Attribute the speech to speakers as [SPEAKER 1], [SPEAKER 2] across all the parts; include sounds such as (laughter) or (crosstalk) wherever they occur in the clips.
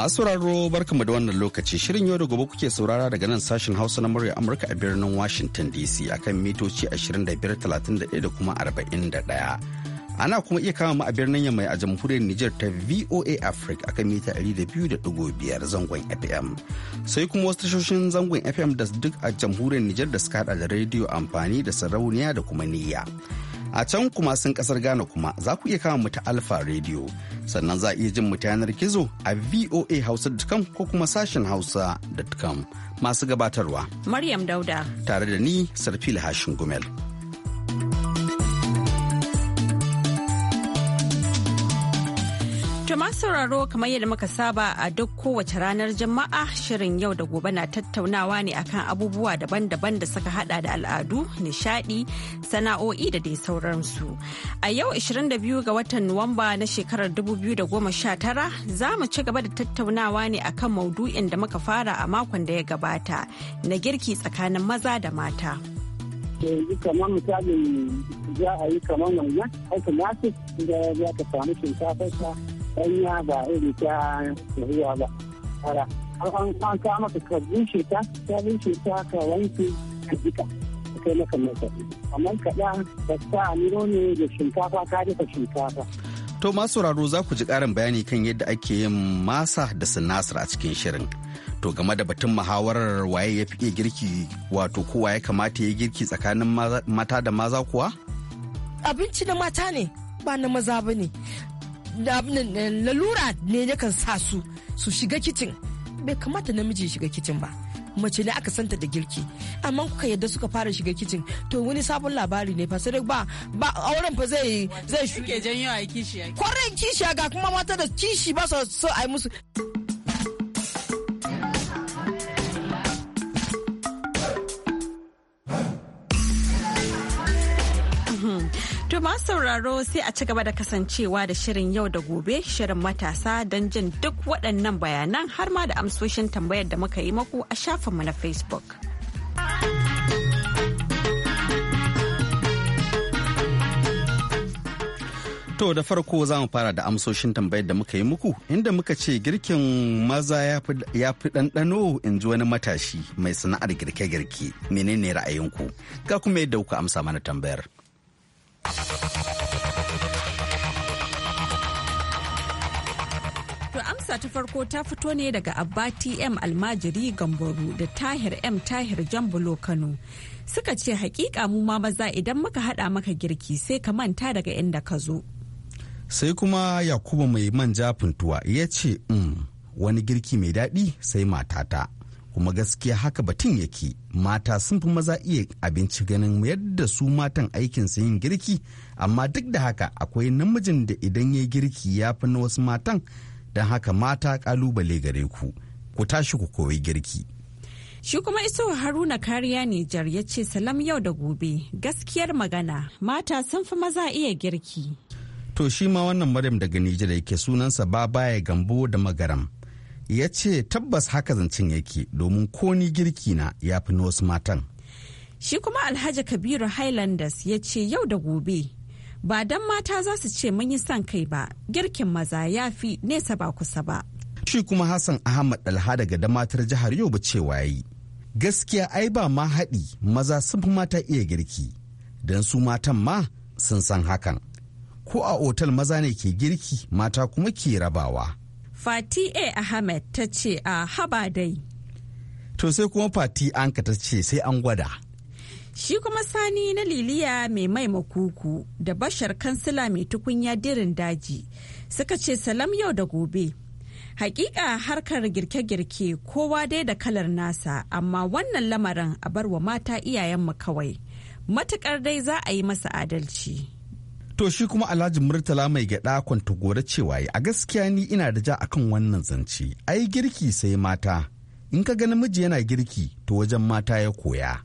[SPEAKER 1] Masu sauraro barkamu da wannan lokaci shirin yau da gobe kuke saurara daga nan sashen Hausa na murya Amurka a birnin Washington DC akan mitoci 2531 da kuma 41. Ana kuma iya kama mu a birnin Yamai a jamhuriyar Nijar ta VOA Africa akan mita 200.5 zangon FM. Sai kuma wasu tashoshin zangon FM da duk a jamhuriyar Nijar da suka hada da rediyo amfani da sarauniya da kuma niyya. A can kuma sun kasar Ghana kuma za ku iya kama mu ta Alfa Radio. Sannan za a iya jin mu ta yanar gizo a VOA Hausa.com ko kuma sashen Hausa.com. Masu gabatarwa.
[SPEAKER 2] Maryam Dauda.
[SPEAKER 1] Tare da ni Sarfil Hashin Gumel.
[SPEAKER 2] Tuma sauraro kamar yadda muka saba a duk kowace ranar jama'a shirin yau da gobe na tattaunawa ne akan abubuwa daban-daban da suka hada da al'adu, nishadi, sana'o'i da dai sauransu. A yau 22 ga watan Nuwamba na shekarar 2019 za mu ci gaba da tattaunawa ne akan maudu'in da muka fara a makon da ya gabata na girki tsakanin maza da
[SPEAKER 3] mata. yi kamar misalin za a yi kamar wannan aikin masu da za ka samu shinkafar ɗanya ba iri ta zuwa ba har an kwanta maka ka bushe ta ta bushe ta ka wanke ka jika kai maka mai amma kaɗa da sa miro ne da shinkafa ka dafa shinkafa
[SPEAKER 1] To masu sauraro za ku ji ƙarin bayani kan yadda ake yin masa da sinasar a cikin shirin. To game da batun muhawarar waye ya fi girki wato kowa ya kamata ya girki tsakanin mata da maza kuwa?
[SPEAKER 4] Abinci na mata ne ba na maza ba ne. lalura ne yakan sa su su shiga kicin bai kamata namiji ya shiga kicin ba mace ne aka santa da girki amma kuka yadda suka fara shiga kicin to wani sabon labari ne fa ba ba auren fa zai zai
[SPEAKER 5] shuke janyo a kishi kwarin
[SPEAKER 4] kishi ga kuma mata da kishi ba so a yi musu
[SPEAKER 2] masu sauraro sai a ci gaba da kasancewa da shirin yau da gobe shirin matasa don jin duk waɗannan bayanan har ma da amsoshin tambayar da muka yi maku a shafinmu na Facebook.
[SPEAKER 1] To da farko za mu fara da amsoshin tambayar da muka yi muku inda muka ce girkin maza ya fi ɗanɗano in ji wani matashi mai sana'ar girke-girke menene ra'ayinku ga kuma yadda kuka amsa mana tambayar. To
[SPEAKER 2] amsa ta farko ta fito ne daga Abba TM Almajiri Gambaru da Tahir M Tahir Jambulo Kano. Suka ce hakika mu ma maza idan muka hada maka girki sai ka manta daga inda ka zo.
[SPEAKER 1] Sai kuma Yakubu mai manja funtuwa ya ce, mm, wani girki mai daɗi sai matata. kuma gaskiya haka batun yake mata sun fi maza iya abinci ganin yadda su matan aikin su yin girki amma duk da haka akwai namijin da idan ya girki ya fi na wasu matan don haka mata kalubale gare ku ku tashi ku koyi girki
[SPEAKER 2] Shi kuma iso Haruna kariya Nijar ya ce salam yau da gobe gaskiyar magana mata sun fi maza iya girki.
[SPEAKER 1] To shi ma wannan Maryam daga Nijar yake sunansa ba baya gambo da magaram. ya ce tabbas haka zancen yake domin ko ni girki na ya fi na wasu matan
[SPEAKER 2] shi kuma alhaji kabiru highlanders ya ce yau da gobe ba don mata za su ce mun yi son kai ba girkin maza ya fi nesa ba kusa ba
[SPEAKER 1] shi kuma hassan ahmad dalha daga damatar jihar yobe cewa yi gaskiya ai ba ma haɗi maza sun fi mata iya girki don su matan ma sun san hakan ko a otal maza ne ke girki mata kuma ke rabawa
[SPEAKER 2] Fati'e Ahmed ta ce a haba dai.
[SPEAKER 1] To sai kuma Fati Anka ta ce sai an gwada.
[SPEAKER 2] Shi kuma sani na liliya mai mai makuku da bashar kansila mai tukunya dirin daji suka ce salam yau da gobe. Hakika harkar girke-girke kowa dai da kalar nasa amma wannan lamarin a barwa mata iyayenmu kawai. Matukar dai za a yi masa adalci.
[SPEAKER 1] To shi kuma Alhaji Murtala mai gyaɗa kwanta gore cewa a gaskiya ni ina da ja akan wannan zance. Ai girki sai mata. In ka ga namiji yana girki to wajen mata ya koya.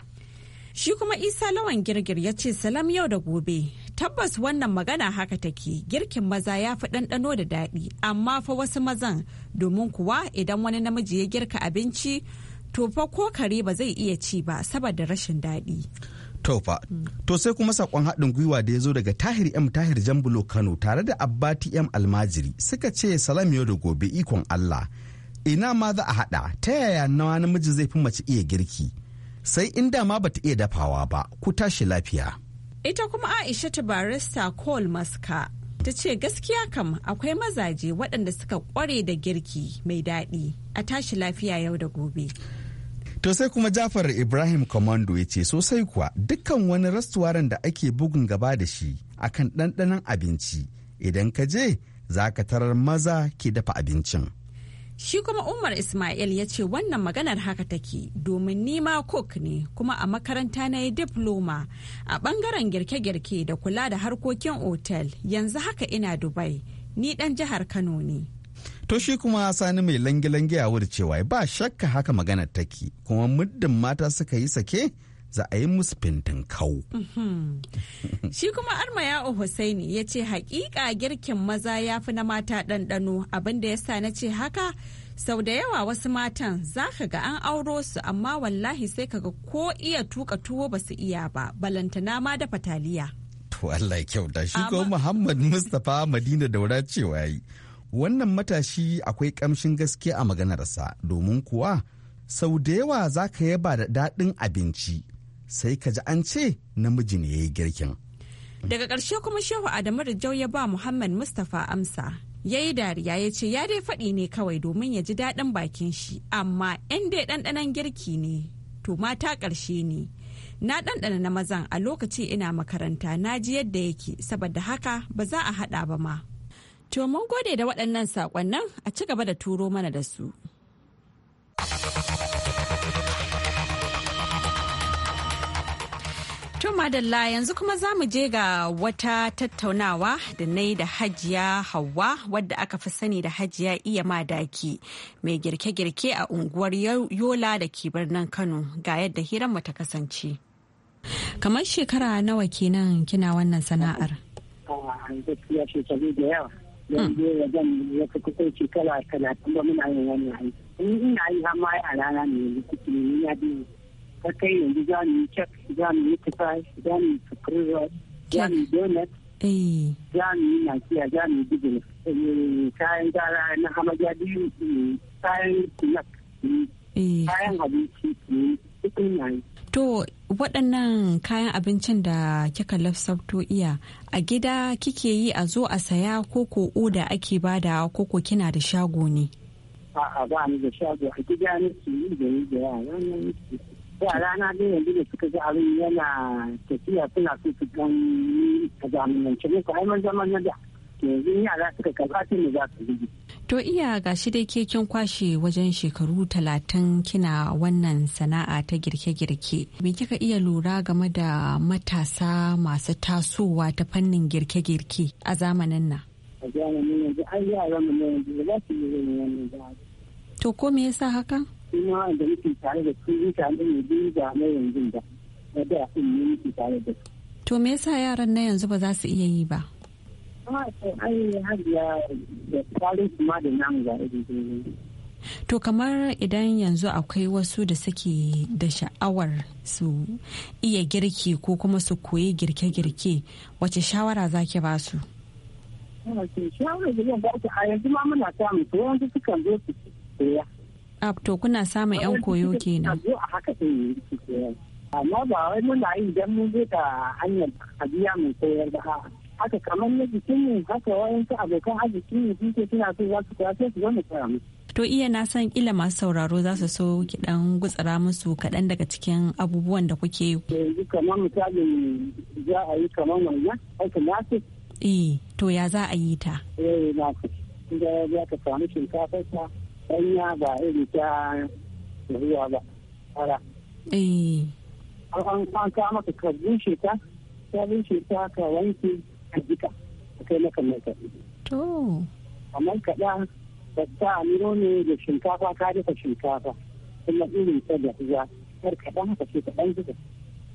[SPEAKER 2] Shi kuma Isa Lawan Girgir ya ce salam yau da gobe. Tabbas wannan magana haka take girkin maza ya fi ɗanɗano da daɗi amma fa wasu mazan domin kuwa idan wani namiji ya girka abinci to fa ko kare ba zai iya ci ba saboda rashin
[SPEAKER 1] daɗi. Tofa. To sai kuma sakon haɗin gwiwa da ya zo daga Tahir M Tahir Jambulo Kano tare da Abbati M Almajiri suka ce salam yau da gobe ikon Allah. Ina ma za a haɗa ta yaya nawa namiji zai fi mace iya girki. Sai in dama bata iya dafawa ba ku tashi lafiya.
[SPEAKER 2] Ita kuma Aisha ta barista col Maska ta ce gaskiya kam akwai mazaje waɗanda suka ƙware da girki mai daɗi a tashi lafiya yau da gobe.
[SPEAKER 1] To sai kuma Jafar Ibrahim Commando ya ce sosai kuwa dukkan wani rastuwaran da ake bugun gaba da shi akan ɗanɗanon abinci idan ka je za ka tarar maza ke dafa abincin.
[SPEAKER 2] Shi kuma Umar Ismail ya ce wannan maganar haka take domin nima cook ne kuma a makaranta na yi diploma a bangaren girke-girke da kula da harkokin otel yanzu haka ina Dubai ni ɗan jihar Kano ne.
[SPEAKER 1] To shi kuma sani mai langi lange a wuri cewa ba shakka haka maganar take kuma muddin mata suka yi sake za a yi musu fintin kau.
[SPEAKER 2] Mhm. Shi kuma armaya Hussaini ya ce hakika girkin maza ya fi na mata ɗanɗano abinda ya sa na ce haka sau da yawa wasu matan za ka ga an auro su amma wallahi sai ka ga ko iya tuka tuwo ba su iya ba balantana ma da fataliya.
[SPEAKER 1] To Allah ya kyauta shi ko Muhammad Mustapha Madina daura cewa yi. Wannan matashi akwai kamshin gaske a maganarsa domin kuwa sau da yawa za ka yaba da daɗin abinci sai ka ji an ce namiji ne ya yi girkin.
[SPEAKER 2] Daga ƙarshe kuma Shehu Adamu da jau ya ba Muhammad Mustapha amsa. Ya yi dariya ya ce ya dai faɗi ne kawai domin ya ji daɗin bakin shi amma in dai ɗanɗanon girki ne to mata ƙarshe ne. na ɗanɗana na mazan a lokaci ina makaranta na ji yadda yake saboda haka ba za a haɗa ba ma To mun gode da waɗannan saƙonnan a ci gaba da turo mana da su. madalla yanzu kuma za mu je ga wata tattaunawa da na yi da hajiya hawa wadda aka fi sani da hajiya iya madaki mai girke-girke a unguwar yola da ke birnin kano ga yadda hiranmu ta kasance kamar shekara nawa kenan kina wannan sana'ar? da
[SPEAKER 3] yanzu ya zan ya fi kusan shekara talatin ba muna yin wani aiki in ina yi har ma a rana ne yanzu kuke ne ya biyu ta kai yanzu za mu yi cak za mu yi kusa za mu yi sukurin za mu yi donut eh. za mu yi nakiya za mu yi gudun eh, kayan gara na hamaja biyu kayan kunak eh. kayan abinci ne cikin yayi To
[SPEAKER 2] waɗannan kayan abincin da kika lasabto iya a gida kike yi a zo a saya ko ko oda ake ba ko ko kina da shago ne?
[SPEAKER 3] a ba ni da shago a gida ne ke yi da yi da yawa. Yara rana dai yanzu da suka ga abin yana tafiya suna so su gan a zamanance ne ko ai zaman na da yanzu yara suka karɓa sai ne za su gidi
[SPEAKER 2] To iya ga shi dai ke kin kwashe wajen shekaru talatin kina wannan sana'a ta girke-girke. Me kika iya lura game da matasa masu tasowa ta fannin girke-girke a zamanin nan?
[SPEAKER 3] A zamanin yanzu an yi a zamanin yanzu ba su yi wannan ba. To ko me yasa haka? Kuma da muke tare da su mutane ne biyu da na yanzu ba. Na da sun ne muke tare da su.
[SPEAKER 2] To me yasa yaran na yanzu ba za su iya yi ba? Ah, to kamar idan yanzu akwai wasu da suke da sha'awar su iya girki ko kuma su koyi girke-girke wace shawara zaki ba su?
[SPEAKER 3] Ah, shawara ba su a samun to zo su
[SPEAKER 2] ah, kuna samun 'yan koyo kenan.
[SPEAKER 3] A haka amma ba wai muna yi idan mun je ta hanyar abiya mai koyar da ha'a. haka kamar na jikinmu haka wayansu abokan arziki ne suke suna so za su kira sai su zo mu
[SPEAKER 2] To iya na san kila masu sauraro za su so ki dan gutsara musu kaɗan daga cikin abubuwan da kuke yi.
[SPEAKER 3] Yanzu eh, kamar misalin za a yi kamar wannan na nasu. Eh
[SPEAKER 2] to ya za a yi ta?
[SPEAKER 3] Eh nasu. Inda za ka samu shinkafa ta ɗanya ba iri ta zuwa ba. Ara. Eh. An kama ka bushe ta, ka bushe ta ka wanke a jika a kai maka mai kaɗi. To. Amma kaɗa ta amiro ne da shinkafa ka dafa shinkafa kuma irin ta da ruwa har kaɗa haka ce kaɗan jika.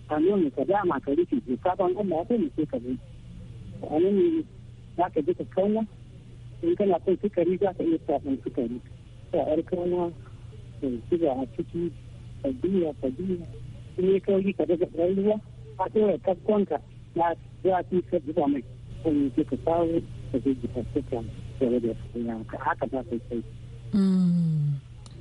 [SPEAKER 3] Amiro ne ka dama ka rufe shinkafan Allah ya kai mu ka zo. Amiro ne za ka jika kauna in kana son sukari za ka iya samun sukari ta yar kana da suga a ciki fadiya fadiya in ya kauri ka daga ɗan ruwa a ɗora tafkonka ya fi ka mai kan ke ka samu da zai ji tattakan game da yanka haka ta kai kai.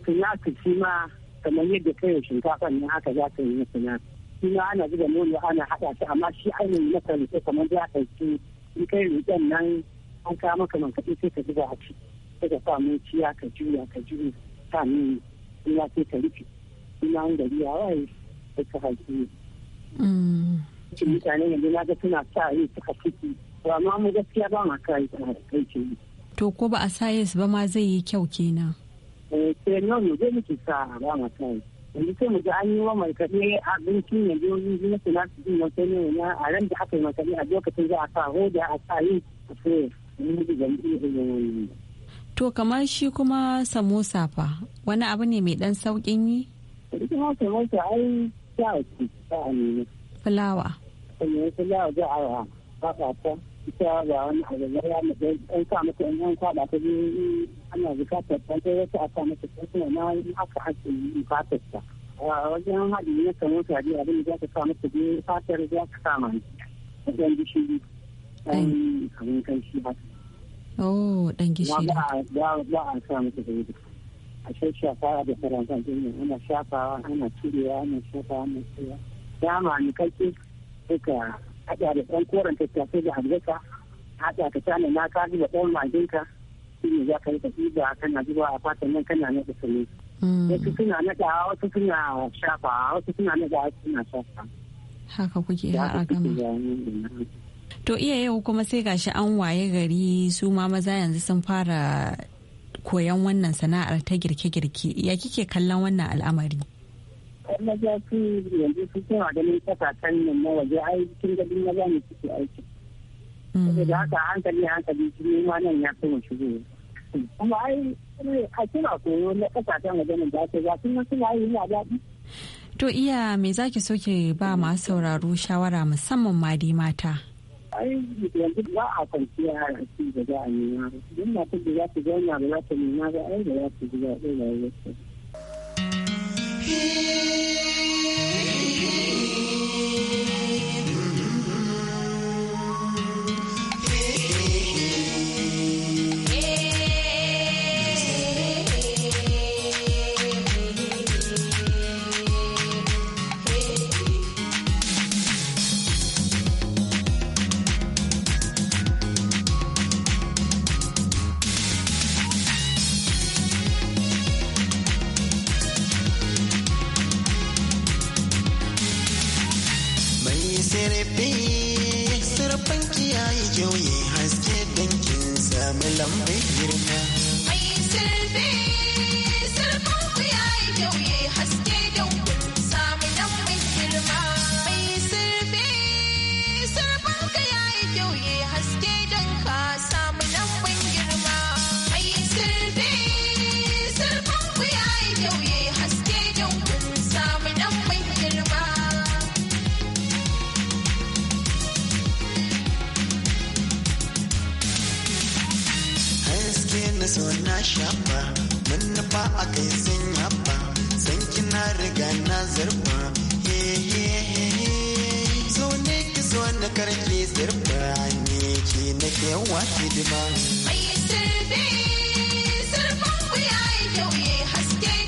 [SPEAKER 3] Sinaka mm. shi ma kamar yadda kai shinkafa ne haka za ka yi na sinaka. Shi ma ana zuba nono ana haɗa shi amma shi ainihin na kan rike kamar za ka yi in kai riken nan an kawo maka man kaɗi sai ka zuba a ci. Sai ka sa mun ciya ka juya ka juya sa mai ya sai ka rufe. Ina an gari ya waye sai ka haifi.
[SPEAKER 6] Mm.
[SPEAKER 3] Cin mutane ne na ga suna sa yi suka ciki. To amma mu gaskiya ba ma kai kai
[SPEAKER 2] To ko ba a sa ba ma zai yi kyau kenan.
[SPEAKER 3] Eh sai nan mu je muke sa ba ma kai. yanzu sai mu ji an yi wa mai abinci ne biyoyi na su din wata ne na a ran da aka yi markaɗe a lokacin za a sa hoda a sa yi a sai
[SPEAKER 2] To kamar shi kuma samosa fa wani abu ne mai dan saukin yi?
[SPEAKER 3] Ita ma samosa ai sa a sa a nemi. fulawa fulawa za a haka ta ita ba wani abu ba ya an sa mata an kwada ta ana bukatar ta sai a sa mata ta haka ake bukatar ta wajen haɗi ne kamar abin da za ka sa mata bi fatar za ka sa mani wajen gishiri ɗan kan shi
[SPEAKER 2] Oh, gishiri. Ba
[SPEAKER 3] a sa mata da yadda. A da ana shafawa ana cirewa ana shafawa ana cirewa. dama ne sai suka haɗa da ɗan koren tattasai da albasa haɗa ka tana na ka zuba ɗan maginka shi ne za ka yi tafi da kana zuba a fatan nan kana naɗa ne. Hmm. Wasu suna naɗa wasu suna shafa wasu suna naɗa wasu suna shafa.
[SPEAKER 2] Haka kuke haɗa gama. To iya yau kuma sai gashi an waye gari su ma maza yanzu sun fara koyan wannan sana'ar ta girke-girke ya kike kallon wannan al'amari?
[SPEAKER 3] yan maza su yanzu su suna ganin kasashen nan na waje ai cikin gadin maza ne suke aiki saboda haka hankali hankali su nema nan ya fi mu zuwa. kuma ai a kina koyo na kasashen waje nan da ake za su nan suna yi na daɗi
[SPEAKER 2] to iya me zaki so ke ba masu sauraro shawara musamman ma dai mata
[SPEAKER 3] ai yanzu ba a kwanciya a da za a nema duk masu da za su zauna ba za su nema ba ai da za ta ji da rayuwarsa
[SPEAKER 6] Hey, hey,
[SPEAKER 7] gefe surfan kiyaye jauye haske dankin sami lambe girma mai surfe
[SPEAKER 6] surfan kiyaye jauye haske dankin sami lambe girma mai surfe surfan kiyaye jauye haske danka
[SPEAKER 1] shafa nufa a kai
[SPEAKER 7] sun yafa san kina riga na zarfa he he he zo ne ki zo na karki zarfa ne ki nake wa hidima
[SPEAKER 6] mai sirbi zarfa ku yayi kyau haske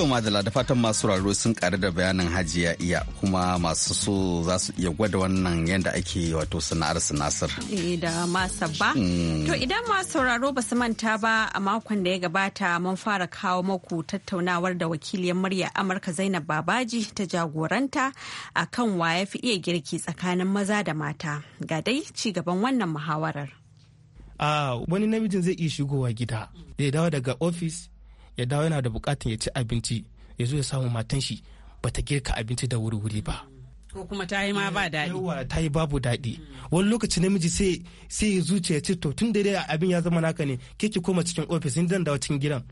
[SPEAKER 1] kyau madala da fatan masu raro sun karu da bayanin hajiya iya kuma masu so za su iya gwada wannan yadda ake wato sana'ar sinasir.
[SPEAKER 2] Eh, da masa ba. Mm. To idan masu sauraro ba su manta ba a makon da ya gabata mun fara kawo maku tattaunawar da wakiliyar murya Amurka Zainab Babaji ta jagoranta a kan wa ya fi iya girki tsakanin maza da mata. Ga dai ci gaban wannan muhawarar.
[SPEAKER 8] Ah, wani namijin zai iya shigowa gida. Da ya dawo daga ofis ya dawo yana da bukatun ya ci abinci ya zo ya samu matan shi bata girka abinci da wuri-wuri ba ko kuma ta yi ma ba daɗi ta yi babu daɗi wani lokaci namiji sai sai ya zuciya ce to tun da dai abin ya zama naka ne ke ki koma cikin ofis in zan dawo cikin gidan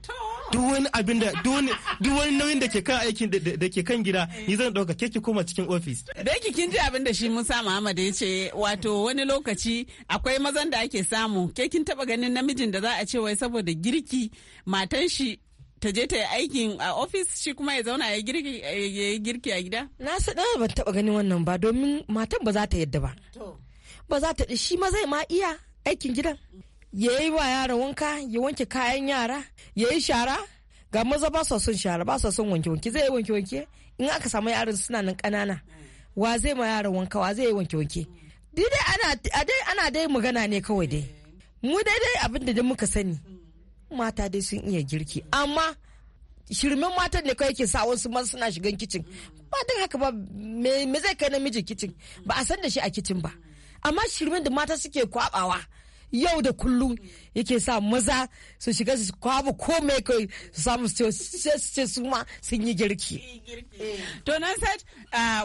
[SPEAKER 8] duk wani abin da duk wani nauyin da ke kan aikin da ke kan gida ni zan dauka ke ki koma cikin ofis da yake
[SPEAKER 5] kin ji abin da shi Musa Muhammad ya ce wato wani lokaci akwai mazan da ake samu ke kin taba ganin namijin da za a ce wai saboda girki matan shi ta je ta yi aikin a ofis shi kuma ya zauna ya girki a gida?
[SPEAKER 4] Na su ɗaya ban taɓa ganin wannan ba domin matan ba za ta yadda ba. Ba za ta shi ma zai ma iya aikin gidan. Ya yi wa yara wanka, ya wanke kayan yara, ya yi shara. Ga maza ba su son shara, ba su son wanke-wanke, zai yi wanke-wanke. In aka samu yaran suna nan ƙanana, wa zai ma yaran wanka, wa zai yi wanke-wanke. Dai ana dai magana ne kawai dai. Mu dai dai abin da muka sani. mata dai sun iya girki amma shirmin matan ne kawai ke sa wasu man suna shigan kicin ba don haka ba me zai kai namiji kicin ba a san da shi a kicin ba amma shirmin da mata suke kwabawa yau da kullum yake sa maza su shiga su ko mai kai su samu su ce su ma sun yi girki.
[SPEAKER 5] To nan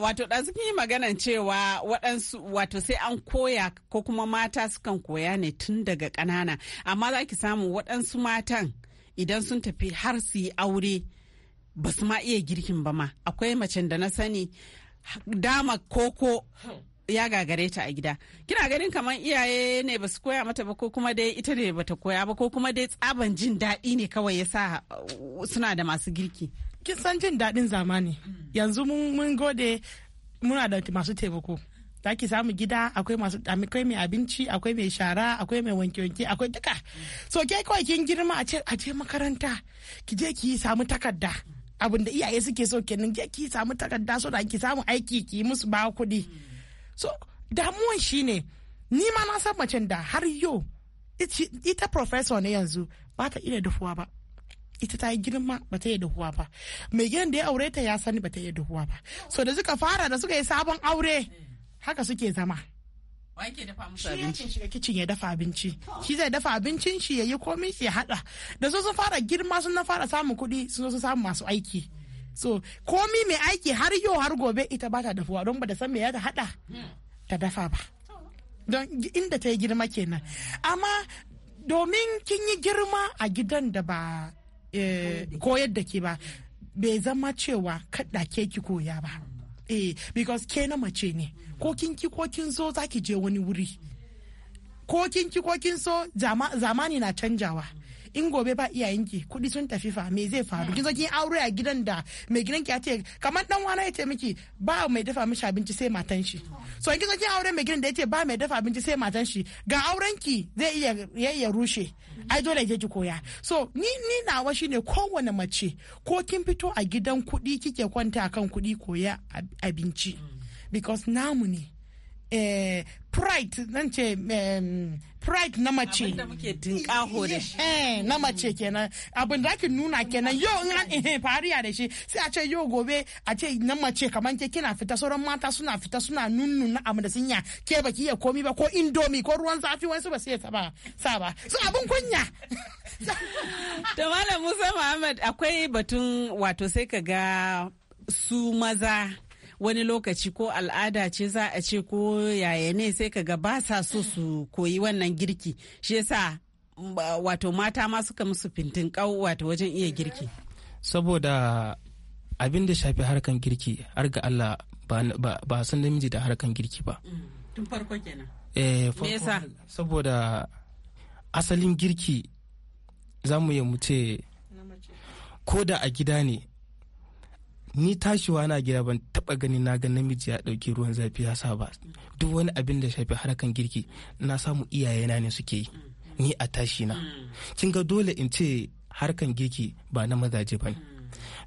[SPEAKER 5] wato dan sun yi maganan cewa waɗansu wato sai an koya ko kuma mata sukan koya ne tun daga ƙanana amma za ki samu waɗansu matan idan sun tafi har su yi aure ba su ma iya girkin ba ma akwai macen da na sani dama koko ya gagare ta a gida kina ganin kamar iyaye ne ba su koya mata ba ko kuma dai ita ne bata koya ba ko kuma dai tsaban jin daɗi ne kawai ya sa uh, suna da masu
[SPEAKER 7] girki kin san jin daɗin zamani yanzu mun gode muna da masu taimako za ki samu gida akwai masu akwai mai abinci akwai mai shara akwai mai wanke wanke akwai duka so ke kawai kin girma a ce a je makaranta ki je ki samu takarda abin da iyaye suke so kenan je ki samu takarda so da ki samu aiki ki musu ba kuɗi so damuwan shine ni ma na san macen da har yau ita professor ne yanzu ba ta iya dafuwa ba ita ta yi girma ba ta yi dahuwa ba mai gidan da ya aure ta ya sani ba ta yi dahuwa ba so da suka fara da suka yi sabon aure haka suke zama shi yakin shiga kicin ya dafa abinci shi zai dafa abincin shi ya yi komi shi ya hada da su sun fara girma sun na fara samun kuɗi sun su samu masu aiki so komi mai aiki har yau har gobe ita ba ta dafuwa don ba da san me ya hada ta dafa ba don inda ta yi girma kenan amma domin kin yi girma a gidan da ba eh, koyar da ke ba bai zama cewa kaɗa ke ki koya ba eh because ke na mace ne ko kin ki ko kin so zaki je wani wuri ko kin ki ko kin so zamani na canjawa in gobe ba iyayenki kuɗi sun tafi fa me zai faru kin zaki aure a gidan da mai ki a ce kamar dan wani ya ce miki ba mai dafa mishi abinci sai matan shi so kin zaki aure mai gidan da ya ce ba mai dafa abinci sai matan shi ga auren ki zai iya ya rushe ai dole je ki koya so ni ni wa shine kowane mace ko kin fito a gidan kuɗi kike kwanta akan kuɗi koya abinci because namu ne eh, pride nan ce pride na mace eh, na mace kenan abin da ake nuna kenan yau in an eh fariya da shi sai a ce yau gobe a ce na mace kaman ke kina fita sauran mata suna fita suna na abu da sun ya ke baki iya komi ba ko indomi ko ruwan zafi wani su ba sai ba sa ba su abin kunya (laughs) da malam Musa Muhammad akwai
[SPEAKER 5] batun wato sai ka ga su maza wani lokaci ko al'ada ce za a ce ko yaya ne sai ka ga ba sa so su koyi wannan girki shi yasa wato mata ma suka musu fintin kau wato wajen iya girki
[SPEAKER 8] saboda abin da shafi harkan girki har ga Allah ba san namiji da harkan girki ba mm.
[SPEAKER 5] tun farko kenan
[SPEAKER 8] eh farko saboda asalin girki za mu yi mu ce ko da a gida ne ni tashiwa na gida ban taba gani na ga namiji ya dauki ruwan zafi ya sa ba duk wani abin da shafi harkan girki na samu iyayena ne suke yi ni a tashi na kin ga dole in ce harkan girki ba na mazaje ba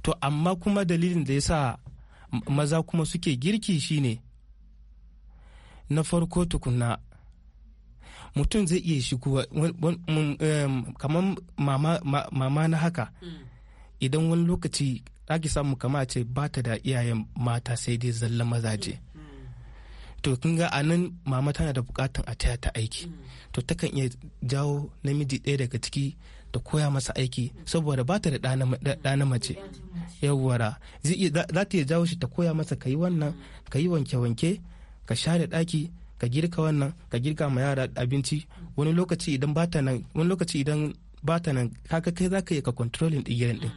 [SPEAKER 8] to amma kuma dalilin da yasa maza kuma suke girki shine na farko tukunna mutum zai iya shigo um, kamar mama na haka idan wani lokaci ake samu kama ce ba ta da iyayen mata sai dai zalla mazaje to kin ga a nan mama tana da bukatan a taya ta aiki to takan iya jawo namiji ɗaya daga ciki ta koya masa aiki saboda ba ta da ɗa na mace yawwara za ta iya jawo shi ta koya masa ka yi wannan ka yi wanke-wanke ka share ɗaki ka girka wannan ka girka ma yara abinci wani lokaci idan ba ta nan wani lokaci idan ba ta nan kaga kai za ka yi ka controlling ɗigiyan ɗin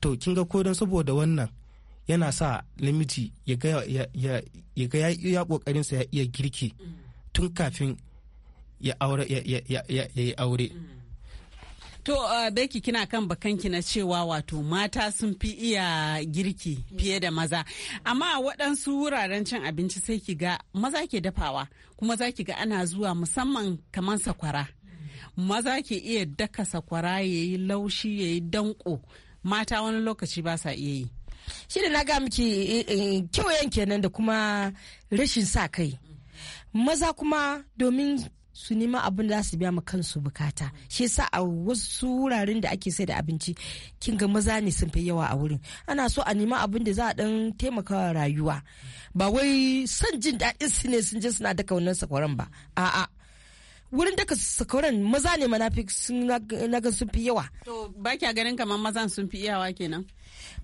[SPEAKER 8] to kin ga ko don saboda wannan yana sa namiji ya ga ya iya sa ya iya girki tun kafin ya aure yi aure
[SPEAKER 5] To uh, Beki kina kan bakanki na cewa wato mata sun fi iya girki fiye da maza. Amma waɗansu wuraren cin abinci sai ki ga maza ke dafawa kuma za ki ga ana zuwa musamman kamar sakwara. maza ke iya daka sakwara ya yi laushi ya yi danko mata wani lokaci
[SPEAKER 4] ba sa iya yi shi da na ga miki eh, eh, kyauyen kenan da kuma rashin sa kai maza kuma domin su nema abin da za su biya ma kansu bukata shi sa a wasu wuraren da ake sai da abinci kin ga maza ne sun fi yawa a wurin ana so a nema abin da za a dan taimaka rayuwa ba wai son jin daɗin su ne sun je suna daka wannan sakwaran ba a'a wurin daga sakuran maza ne manafik sun nagan sun fi yawa.
[SPEAKER 5] To ba kya ganin kamar mazan sun fi iyawa kenan.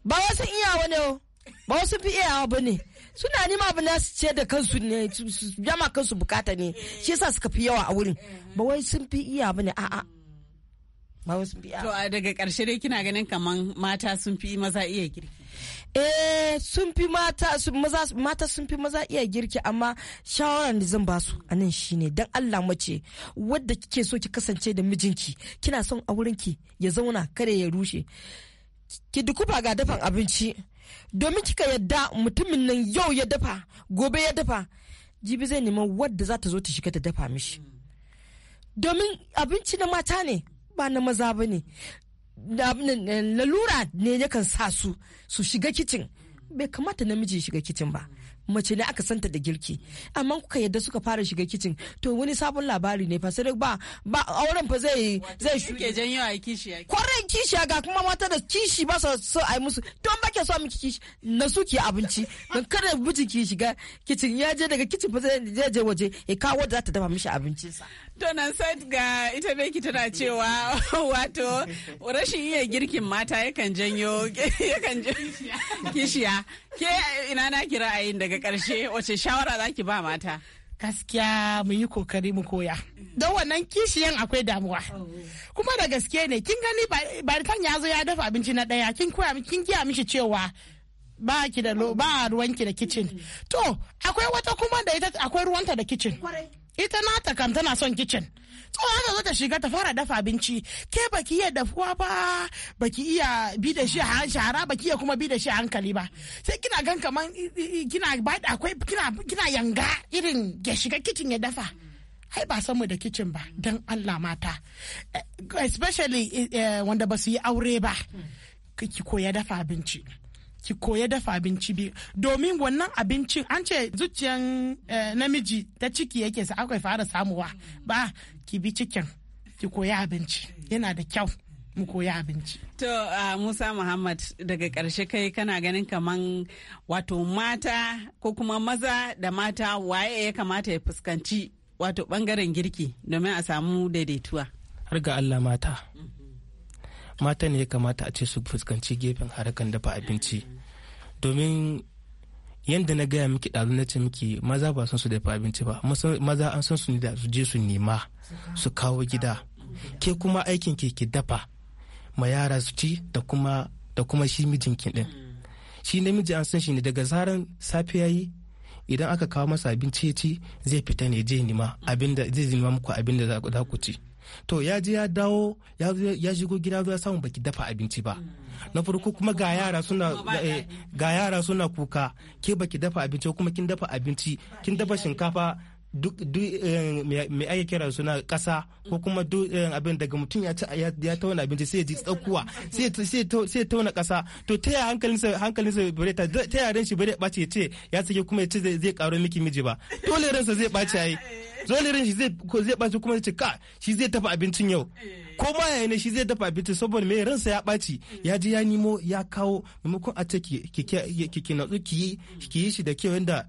[SPEAKER 4] Ba wasu iyawa ne o, ba wasu fi iyawa ba ne. Suna nima abu nasu ce da kansu ne, su jama kansu bukata ne, shi yasa suka fi yawa a wurin. Ba wai sun fi iyawa ba ne, a'a. Ba wasu fi iyawa. To
[SPEAKER 5] daga ƙarshe dai kina ganin kamar mata sun fi maza iya girki.
[SPEAKER 4] eh sun fi mata maza mata sun fi maza iya girki amma shawaran da zan ba su anan shine dan Allah mace wadda kike so ki kasance da mijinki kina son aurenki ya zauna kare ya rushe ki ba ga dafan abinci domin kika yadda mutumin nan yau ya dafa gobe ya dafa jibi zai nemi wadda za ta zo ta shiga ta dafa mishi domin abinci na mata ne ba na maza ba ne Eh, lalura ne yakan sa su su shiga kicin bai kamata namiji shiga kicin ba mace ne aka santa da girki amma kuka yadda suka fara shiga kicin to wani sabon labari ne fa sai ba ba auren fa zai zai
[SPEAKER 5] shuke janyo a kishi kwarai
[SPEAKER 4] kishi ga kuma mata da kishi ba su so ai musu to an bake so mu kishi na suke abinci dan kada miji ki shiga kicin ya je daga kicin fa zai je waje ya kawo da za ta dafa mishi abincin sa
[SPEAKER 5] Tonan Sat ga ita beki tana cewa (laughs) wato rashin iya girkin mata yakan janyo (laughs) yakan kishiya. Ke ina na ki ra'ayin daga karshe wace shawara za
[SPEAKER 7] ki ba mata? Gaskiya mu yi kokari mu koya. Don wannan kishiyan akwai damuwa. Kuma da gaske ne kin gani ba kan ya zo ya dafa abinci na ɗaya kin koya kin giya mishi cewa ba ki da ba ruwanki da kicin. To akwai wata kuma da ita akwai ruwanta da kicin. ita nata kam tana son kicin tsohon ta zo ta shiga ta fara dafa abinci ke baki iya dafuwa ba baki iya bi da shi a shahara baki iya kuma bi da shi a hankali ba sai kina gan kaman kina ba akwai kina yanga irin ya shiga kicin ya dafa ai ba san mu da kicin ba dan Allah mata eh, especially eh, eh, wanda ba su yi aure ba ki koya dafa abinci ki koya dafa abinci biyu domin wannan abincin an ce zuciyan eh, namiji ta ciki yake sa akwai fara samuwa ba ki bi cikin ki koya abinci yana da kyau mu koya abinci.
[SPEAKER 5] To ah, Musa Muhammad daga karshe kai kana ganin kaman wato mata ko kuma maza da mata waye ya kamata ya fuskanci wato ɓangaren girki domin a samu daidaituwa.
[SPEAKER 8] Har ga Allah mata. Mm-hmm. Mata ne ya kamata a ce su fuskanci gefen harakan dafa abinci. domin yadda na gaya miki ɗazu na ce miki maza ba san su dafa abinci ba maza an san su ne da su je su nema su kawo gida ke kuma aikin ke ki dafa ma yara su ci da kuma da kuma shi mijinki din shi namiji an san shi ne daga zaran safe yayi idan aka kawo masa abinci ya ci zai fita ne je nima abinda zai nima muku abinda za ku ci to ya je ya dawo ya shigo gida ya samu baki dafa abinci ba na farko kuma ga yara suna eh, ga yara suna kuka ke baki dafa abinci kuma kin dafa abinci kin dafa shinkafa duk eh, me ake kira suna kasa ko kuma duk eh, abin daga mutum ya tauna abinci sai ya ji tsakuwa sai ya tauna kasa to ta yaya hankalinsa hankalinsa bare ta ta yaren shi bare ya bace ya ce ya sake kuma ya ce zai karo miki miji ba dole ransa zai bace ai zo ne shi zai zai ɓaci kuma ce ka shi zai tafi abincin yau eh. ko ma yayi shi zai dafa abincin saboda mai ransa ya baci ya ji ya nemo ya kawo maimakon a ce ki natsu ki yi shi da kyau yanda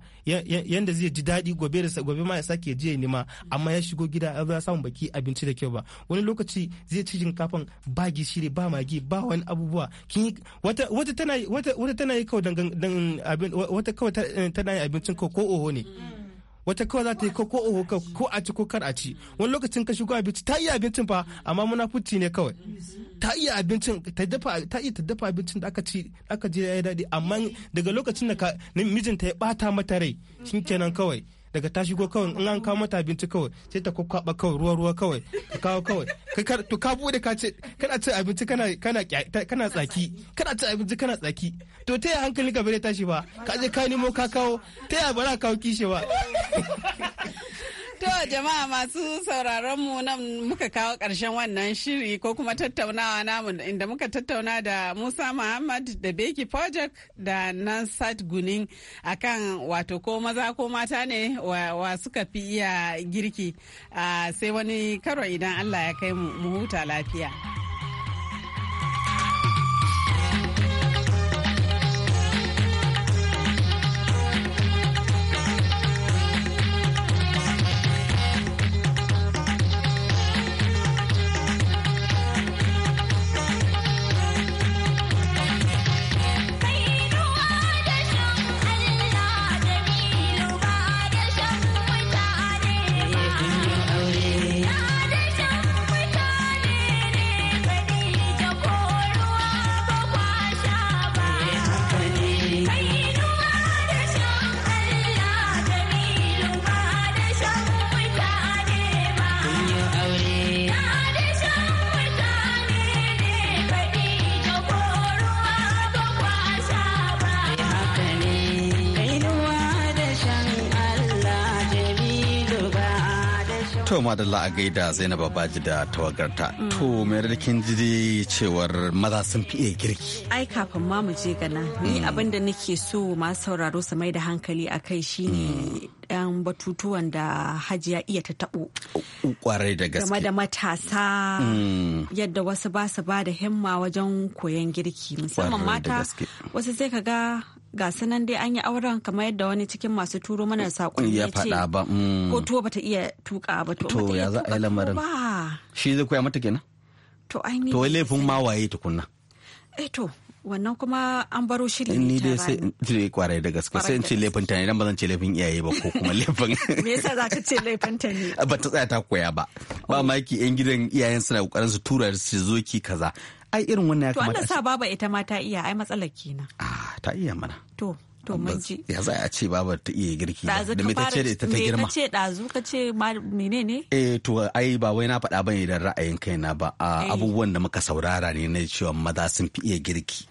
[SPEAKER 8] yanda zai ji daɗi gobe da gobe ma ya sake je ya nema amma ya shigo gida ya samu baki abinci da kyau ba wani lokaci zai ci shinkafan ba gishiri ba magi ba wani abubuwa wata wata tana wata tana yi kawai dan abin wata kawai eh, tana yin abincin ko oho ne mm. wata kawai za ta yi ko ko a ci ko kar a ci wani lokacin ka shigo abinci ta iya abincin fa amma munafuci ne kawai ta iya abincin ta dafa ta iya ta dafa abincin da aka ci aka je ya daɗi amma daga lokacin da mijinta ya bata mata rai kenan kawai daga ta shigo kawai in an kawo mata abinci kawai sai ta kwakwaba kawai ruwa ruwa kawai ka kawo kawai to ka bude ka ce kana cin abinci kana kana kana tsaki kana ci abinci kana tsaki to ta yi hankali ka bare tashi ba ka je ka nemo ka kawo ta yi ba kawo kishi ba (laughs)
[SPEAKER 5] To jama'a masu sauraron mu nan muka kawo ƙarshen wannan shiri ko kuma tattaunawa namu inda muka tattauna da Musa Muhammad da Beki Project da Nansat Gunin akan wato ko maza ko mata ne wa, suka fi iya girki uh, sai wani karo idan Allah ya kai mu huta lafiya.
[SPEAKER 1] madalla a gaida zainab babaji da tawagarta to mai da kin cewar maza sun fi iya girki
[SPEAKER 2] ai kafin ma mu je gana ni mm. abin da nake so ma sauraro su mai da hankali a kai shine yan mm. batutuwan da hajiya iya ta taɓo.
[SPEAKER 1] kwarai da gaske game da
[SPEAKER 2] matasa
[SPEAKER 6] mm.
[SPEAKER 2] yadda wasu ba su ba da himma wajen koyon girki musamman mata wasu sai ka ga ga sanan dai an yi auren kamar yadda wani cikin masu turo mana sakon ya faɗa ba mm. ko tuwo bata iya tuka ba to
[SPEAKER 1] ya za a yi lamarin shi zai koya mata kenan to ai to wai laifin ma waye tukunna
[SPEAKER 2] eh to wannan kuma an baro shiri ne ni dai sai
[SPEAKER 1] in ce kwarai da gaske sai in ce laifin ta ne dan ba zan ce laifin iyaye ba ko kuma (laughs) laifin me yasa za
[SPEAKER 2] ka ce laifin ta ne
[SPEAKER 1] ba ta tsaya ta koya ba ba oh. maki yan gidan iyayen suna kokarin su tura su zo ki kaza ai irin wannan ya kamata to an
[SPEAKER 2] sa baba ita ma ta iya ai matsalar kenan ah ta iya mana to to manji. ya za
[SPEAKER 1] a ce baba ta iya girki da me ta ce da ita ta girma me ce
[SPEAKER 2] ɗazu? ka ce ne?
[SPEAKER 1] eh to ai ba wai na faɗa bane da ra'ayin kaina ba eh. abubuwan da muka saurara ne na cewa maza sun fi iya girki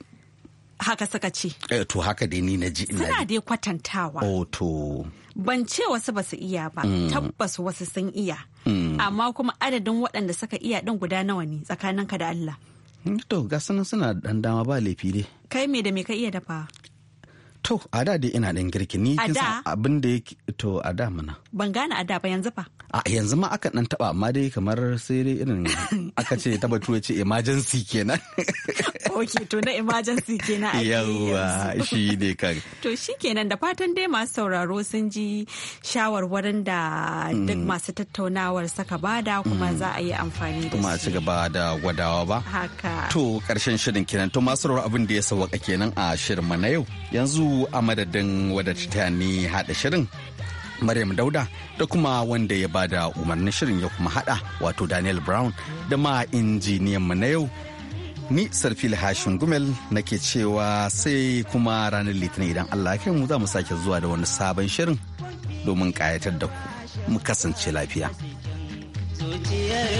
[SPEAKER 1] haka saka ce eh to haka dai ni na ji suna
[SPEAKER 2] dai kwatantawa oh to ban ce wasu ba su iya ba mm. tabbas wasu sun iya mm. amma kuma adadin waɗanda suka iya ɗin guda nawa ne tsakaninka da Allah
[SPEAKER 1] Hmm, to gasanin suna dan dama ba laifi dai
[SPEAKER 2] kai me da me ka iya dafa
[SPEAKER 1] to a da dai ina dan girki ni kin san abin da yake to a da mana
[SPEAKER 2] ban gane a da ba yanzu fa
[SPEAKER 1] a yanzu ma akan dan taba amma dai kamar sai dai irin (laughs) aka ce ta batu ya ce emergency kenan
[SPEAKER 2] (laughs) ok to na emergency kenan a
[SPEAKER 1] yawa shi ne kan
[SPEAKER 2] (laughs) to shi kenan da fatan dai masu sauraro sun ji shawarwarin da duk mm. masu tattaunawar saka bada kuma mm. za a yi amfani da shi.
[SPEAKER 1] kuma a ci gaba da gwadawa ba haka to karshen shirin kenan to masu sauraro abin da ya sawaka kenan a shirin na yau yanzu a madadin wadda ta ni hada shirin Maryam Dauda da kuma wanda ya bada umarnin shirin ya kuma hada wato Daniel Brown da ma injiniyan mu na yau. Ni Sarfil Hashin Gumel nake cewa sai kuma ranar Litinin idan Allah ya kai mu za mu sake zuwa da wani sabon shirin domin kayatar da ku mu kasance lafiya. Zuciyar